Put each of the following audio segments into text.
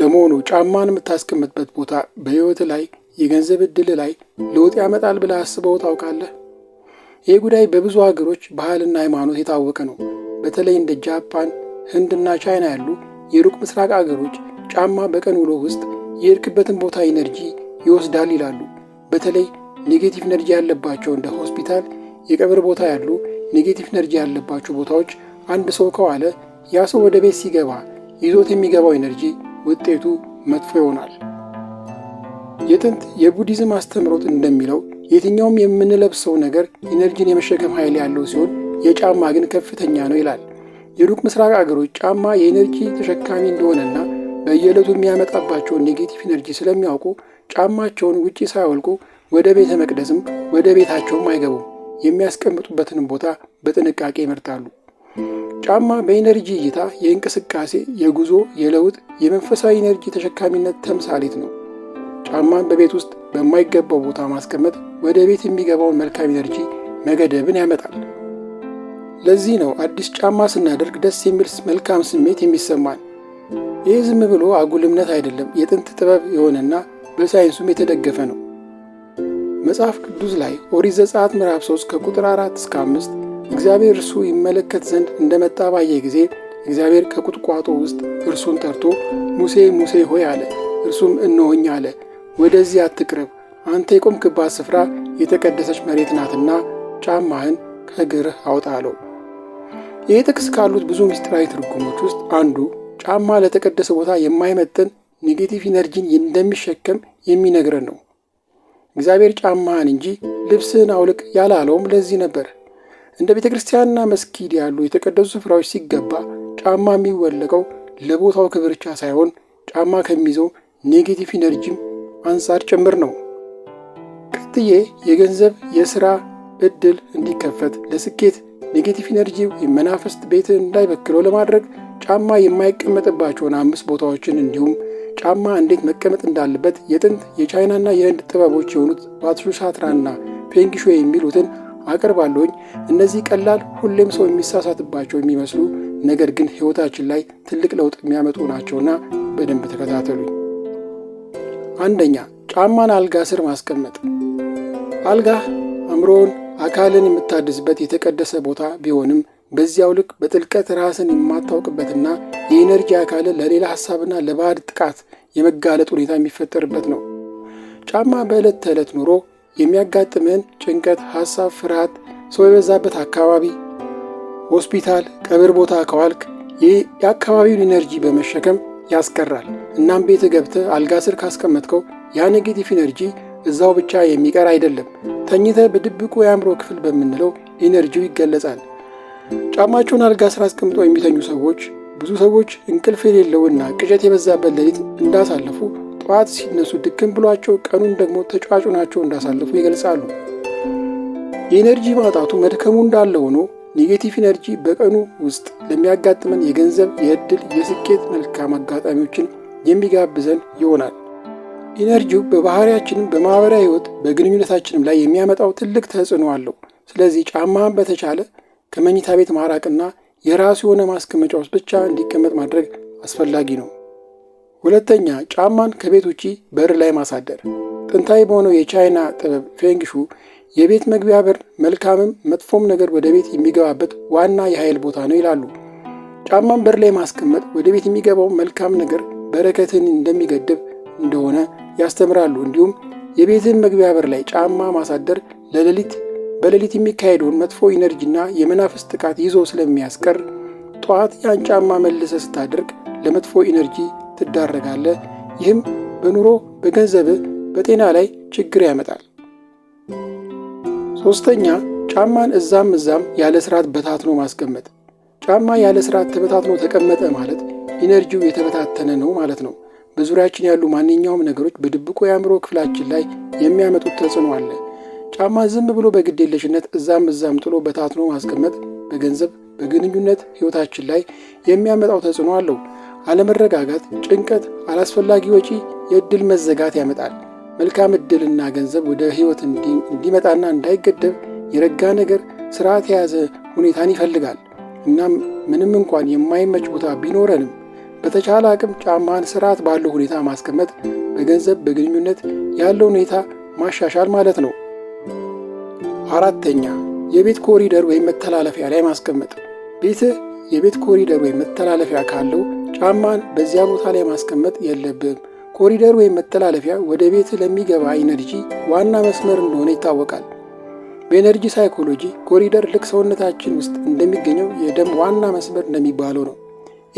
ለመሆኑ ጫማን የምታስቀምጥበት ቦታ በሕይወት ላይ የገንዘብ ዕድል ላይ ለውጥ ያመጣል ብለህ አስበው ታውቃለህ? ይህ ጉዳይ በብዙ ሀገሮች ባህልና ሃይማኖት የታወቀ ነው። በተለይ እንደ ጃፓን፣ ህንድና ቻይና ያሉ የሩቅ ምስራቅ አገሮች ጫማ በቀን ውሎ ውስጥ የሄድክበትን ቦታ ኢነርጂ ይወስዳል ይላሉ። በተለይ ኔጌቲቭ ኢነርጂ ያለባቸው እንደ ሆስፒታል፣ የቀብር ቦታ ያሉ ኔጌቲቭ ኤነርጂ ያለባቸው ቦታዎች አንድ ሰው ከዋለ ያ ሰው ወደ ቤት ሲገባ ይዞት የሚገባው ኢነርጂ ውጤቱ መጥፎ ይሆናል። የጥንት የቡዲዝም አስተምሮት እንደሚለው የትኛውም የምንለብሰው ነገር ኢነርጂን የመሸከም ኃይል ያለው ሲሆን የጫማ ግን ከፍተኛ ነው ይላል። የሩቅ ምስራቅ አገሮች ጫማ የኢነርጂ ተሸካሚ እንደሆነና በየዕለቱ የሚያመጣባቸውን ኔጌቲቭ ኢነርጂ ስለሚያውቁ ጫማቸውን ውጪ ሳያወልቁ ወደ ቤተ መቅደስም ወደ ቤታቸውም አይገቡም። የሚያስቀምጡበትንም ቦታ በጥንቃቄ ይመርጣሉ። ጫማ በኢነርጂ እይታ የእንቅስቃሴ፣ የጉዞ፣ የለውጥ፣ የመንፈሳዊ ኢነርጂ ተሸካሚነት ተምሳሌት ነው። ጫማን በቤት ውስጥ በማይገባው ቦታ ማስቀመጥ ወደ ቤት የሚገባውን መልካም ኢነርጂ መገደብን ያመጣል። ለዚህ ነው አዲስ ጫማ ስናደርግ ደስ የሚል መልካም ስሜት የሚሰማን። ይህ ዝም ብሎ አጉል እምነት አይደለም፣ የጥንት ጥበብ የሆነና በሳይንሱም የተደገፈ ነው። መጽሐፍ ቅዱስ ላይ ኦሪት ዘጸአት ምዕራፍ 3 ከቁጥር 4 እስከ 5 እግዚአብሔር እርሱ ይመለከት ዘንድ እንደመጣ ባየ ጊዜ እግዚአብሔር ከቁጥቋጦ ውስጥ እርሱን ጠርቶ ሙሴ ሙሴ ሆይ አለ። እርሱም እነሆኝ አለ። ወደዚህ አትቅረብ፣ አንተ የቆምክባት ስፍራ የተቀደሰች መሬት ናትና ጫማህን ከእግርህ አውጣ አለው። ይህ ጥቅስ ካሉት ብዙ ምስጢራዊ ትርጉሞች ውስጥ አንዱ ጫማ ለተቀደሰ ቦታ የማይመጥን ኔጌቲቭ ኢነርጂን እንደሚሸከም የሚነግረን ነው። እግዚአብሔር ጫማህን እንጂ ልብስህን አውልቅ ያላለውም ለዚህ ነበር። እንደ ቤተ ክርስቲያንና መስጊድ ያሉ የተቀደሱ ስፍራዎች ሲገባ ጫማ የሚወለቀው ለቦታው ክብር ብቻ ሳይሆን ጫማ ከሚይዘው ኔጌቲቭ ኢነርጂም አንጻር ጭምር ነው። ቀጥዬ የገንዘብ የሥራ እድል እንዲከፈት ለስኬት ኔጌቲቭ ኢነርጂ የመናፍስት ቤትን እንዳይበክለው ለማድረግ ጫማ የማይቀመጥባቸውን አምስት ቦታዎችን እንዲሁም ጫማ እንዴት መቀመጥ እንዳለበት የጥንት የቻይናና የህንድ ጥበቦች የሆኑት ባትሹሳትራና ፔንግሾ የሚሉትን አቅርባለሁኝ እነዚህ ቀላል ሁሌም ሰው የሚሳሳትባቸው የሚመስሉ ነገር ግን ሕይወታችን ላይ ትልቅ ለውጥ የሚያመጡ ናቸውና በደንብ ተከታተሉኝ። አንደኛ ጫማን አልጋ ስር ማስቀመጥ። አልጋ አእምሮውን፣ አካልን የምታድስበት የተቀደሰ ቦታ ቢሆንም በዚያው ልክ በጥልቀት ራስን የማታውቅበትና የኢነርጂ አካልን ለሌላ ሀሳብና ለባዕድ ጥቃት የመጋለጥ ሁኔታ የሚፈጠርበት ነው። ጫማ በዕለት ተዕለት ኑሮ የሚያጋጥመን ጭንቀት፣ ሐሳብ፣ ፍርሃት፣ ሰው የበዛበት አካባቢ፣ ሆስፒታል፣ ቀብር ቦታ ከዋልክ የአካባቢውን ኢነርጂ በመሸከም ያስቀራል። እናም ቤት ገብተህ አልጋ ስር ካስቀመጥከው ያ ኔጌቲቭ ኢነርጂ እዛው ብቻ የሚቀር አይደለም። ተኝተህ በድብቁ የአእምሮ ክፍል በምንለው ኢነርጂው ይገለጻል። ጫማቸውን አልጋ ስር አስቀምጠው የሚተኙ ሰዎች ብዙ ሰዎች እንቅልፍ የሌለውና ቅዠት የበዛበት ሌሊት እንዳሳለፉ ጠዋት ሲነሱ ድክም ብሏቸው ቀኑን ደግሞ ተጫዋጩ ናቸው እንዳሳለፉ ይገልጻሉ። የኤነርጂ ማጣቱ መድከሙ እንዳለ ሆኖ ኔጌቲቭ ኤነርጂ በቀኑ ውስጥ ለሚያጋጥመን የገንዘብ፣ የእድል የስኬት መልካም አጋጣሚዎችን የሚጋብዘን ይሆናል። ኢነርጂው በባህሪያችንም፣ በማኅበራዊ ሕይወት፣ በግንኙነታችንም ላይ የሚያመጣው ትልቅ ተጽዕኖ አለው። ስለዚህ ጫማህን በተቻለ ከመኝታ ቤት ማራቅና የራሱ የሆነ ማስቀመጫ ውስጥ ብቻ እንዲቀመጥ ማድረግ አስፈላጊ ነው። ሁለተኛ ጫማን ከቤት ውጪ በር ላይ ማሳደር። ጥንታዊ በሆነው የቻይና ጥበብ ፌንግሹ የቤት መግቢያ በር መልካምም መጥፎም ነገር ወደ ቤት የሚገባበት ዋና የኃይል ቦታ ነው ይላሉ። ጫማን በር ላይ ማስቀመጥ ወደ ቤት የሚገባው መልካም ነገር በረከትን እንደሚገድብ እንደሆነ ያስተምራሉ። እንዲሁም የቤትን መግቢያ በር ላይ ጫማ ማሳደር ለሌሊት በሌሊት የሚካሄደውን መጥፎ ኢነርጂና የመናፍስ ጥቃት ይዞ ስለሚያስቀር ጠዋት ያን ጫማ መልሰ ስታደርግ ለመጥፎ ኢነርጂ ትዳረጋለህ። ይህም በኑሮ በገንዘብህ፣ በጤና ላይ ችግር ያመጣል። ሶስተኛ ጫማን እዛም እዛም ያለ ስርዓት በታትኖ ማስቀመጥ። ጫማ ያለ ስርዓት ተበታትኖ ተቀመጠ ማለት ኢነርጂው የተበታተነ ነው ማለት ነው። በዙሪያችን ያሉ ማንኛውም ነገሮች በድብቁ የአእምሮ ክፍላችን ላይ የሚያመጡት ተጽዕኖ አለ። ጫማ ዝም ብሎ በግዴለሽነት እዛም እዛም ጥሎ በታትኖ ማስቀመጥ በገንዘብ፣ በግንኙነት ህይወታችን ላይ የሚያመጣው ተጽዕኖ አለው። አለመረጋጋት፣ ጭንቀት፣ አላስፈላጊ ወጪ፣ የእድል መዘጋት ያመጣል። መልካም እድልና ገንዘብ ወደ ህይወት እንዲመጣና እንዳይገደብ የረጋ ነገር፣ ስርዓት የያዘ ሁኔታን ይፈልጋል። እናም ምንም እንኳን የማይመች ቦታ ቢኖረንም በተቻለ አቅም ጫማን ስርዓት ባለው ሁኔታ ማስቀመጥ በገንዘብ በግንኙነት ያለው ሁኔታ ማሻሻል ማለት ነው። አራተኛ የቤት ኮሪደር ወይም መተላለፊያ ላይ ማስቀመጥ። ቤትህ የቤት ኮሪደር ወይም መተላለፊያ ካለው ጫማን በዚያ ቦታ ላይ ማስቀመጥ የለብም። ኮሪደር ወይም መተላለፊያ ወደ ቤት ለሚገባ ኢነርጂ ዋና መስመር እንደሆነ ይታወቃል። በኤነርጂ ሳይኮሎጂ ኮሪደር ልክ ሰውነታችን ውስጥ እንደሚገኘው የደም ዋና መስመር እንደሚባለው ነው።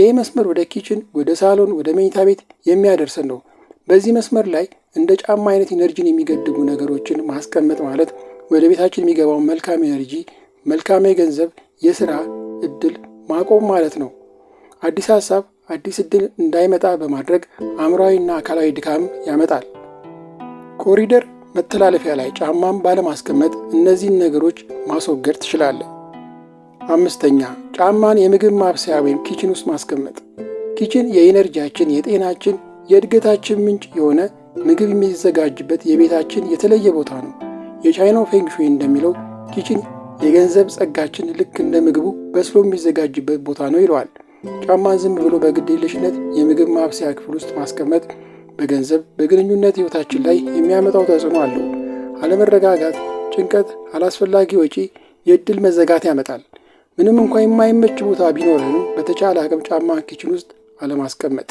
ይህ መስመር ወደ ኪችን፣ ወደ ሳሎን፣ ወደ መኝታ ቤት የሚያደርሰን ነው። በዚህ መስመር ላይ እንደ ጫማ አይነት ኢነርጂን የሚገድቡ ነገሮችን ማስቀመጥ ማለት ወደ ቤታችን የሚገባው መልካም ኢነርጂ፣ መልካም የገንዘብ የስራ እድል ማቆም ማለት ነው። አዲስ ሀሳብ አዲስ እድል እንዳይመጣ በማድረግ አእምሯዊና አካላዊ ድካም ያመጣል። ኮሪደር መተላለፊያ ላይ ጫማም ባለማስቀመጥ እነዚህን ነገሮች ማስወገድ ትችላለህ። አምስተኛ ጫማን የምግብ ማብሰያ ወይም ኪችን ውስጥ ማስቀመጥ። ኪችን የኢነርጂያችን፣ የጤናችን፣ የእድገታችን ምንጭ የሆነ ምግብ የሚዘጋጅበት የቤታችን የተለየ ቦታ ነው። የቻይናው ፌንግሹይ እንደሚለው ኪችን የገንዘብ ጸጋችን ልክ እንደ ምግቡ በስሎ የሚዘጋጅበት ቦታ ነው ይለዋል። ጫማን ዝም ብሎ በግዴለሽነት የምግብ ማብሰያ ክፍል ውስጥ ማስቀመጥ በገንዘብ በግንኙነት ህይወታችን ላይ የሚያመጣው ተጽዕኖ አለው። አለመረጋጋት፣ ጭንቀት፣ አላስፈላጊ ወጪ፣ የእድል መዘጋት ያመጣል። ምንም እንኳ የማይመች ቦታ ቢኖረንም በተቻለ አቅም ጫማ ኪችን ውስጥ አለማስቀመጥ።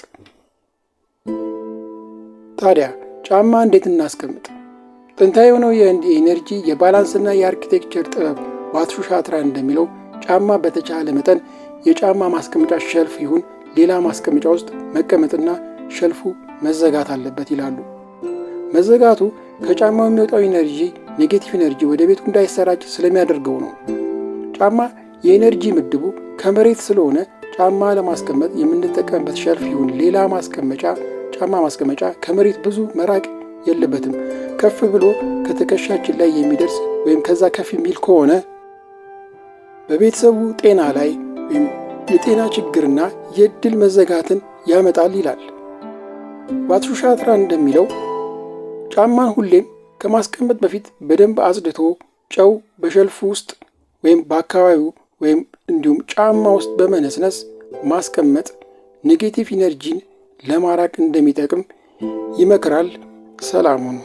ታዲያ ጫማ እንዴት እናስቀምጥ? ጥንታዊ የሆነው የኢነርጂ የባላንስና የአርኪቴክቸር ጥበብ ባትሹ ሻትራ እንደሚለው ጫማ በተቻለ መጠን የጫማ ማስቀመጫ ሸልፍ ይሁን ሌላ ማስቀመጫ ውስጥ መቀመጥና ሸልፉ መዘጋት አለበት ይላሉ። መዘጋቱ ከጫማው የሚወጣው ኢነርጂ ኔጌቲቭ ኢነርጂ ወደ ቤቱ እንዳይሰራጭ ስለሚያደርገው ነው። ጫማ የኢነርጂ ምድቡ ከመሬት ስለሆነ ጫማ ለማስቀመጥ የምንጠቀምበት ሸልፍ ይሁን ሌላ ማስቀመጫ ጫማ ማስቀመጫ ከመሬት ብዙ መራቅ የለበትም። ከፍ ብሎ ከትከሻችን ላይ የሚደርስ ወይም ከዛ ከፍ የሚል ከሆነ በቤተሰቡ ጤና ላይ ወይም የጤና ችግርና የእድል መዘጋትን ያመጣል ይላል። ባትሹሻትራ እንደሚለው ጫማን ሁሌም ከማስቀመጥ በፊት በደንብ አጽድቶ ጨው በሸልፉ ውስጥ ወይም በአካባቢው ወይም እንዲሁም ጫማ ውስጥ በመነስነስ ማስቀመጥ ኔጌቲቭ ኢነርጂን ለማራቅ እንደሚጠቅም ይመክራል። ሰላሙን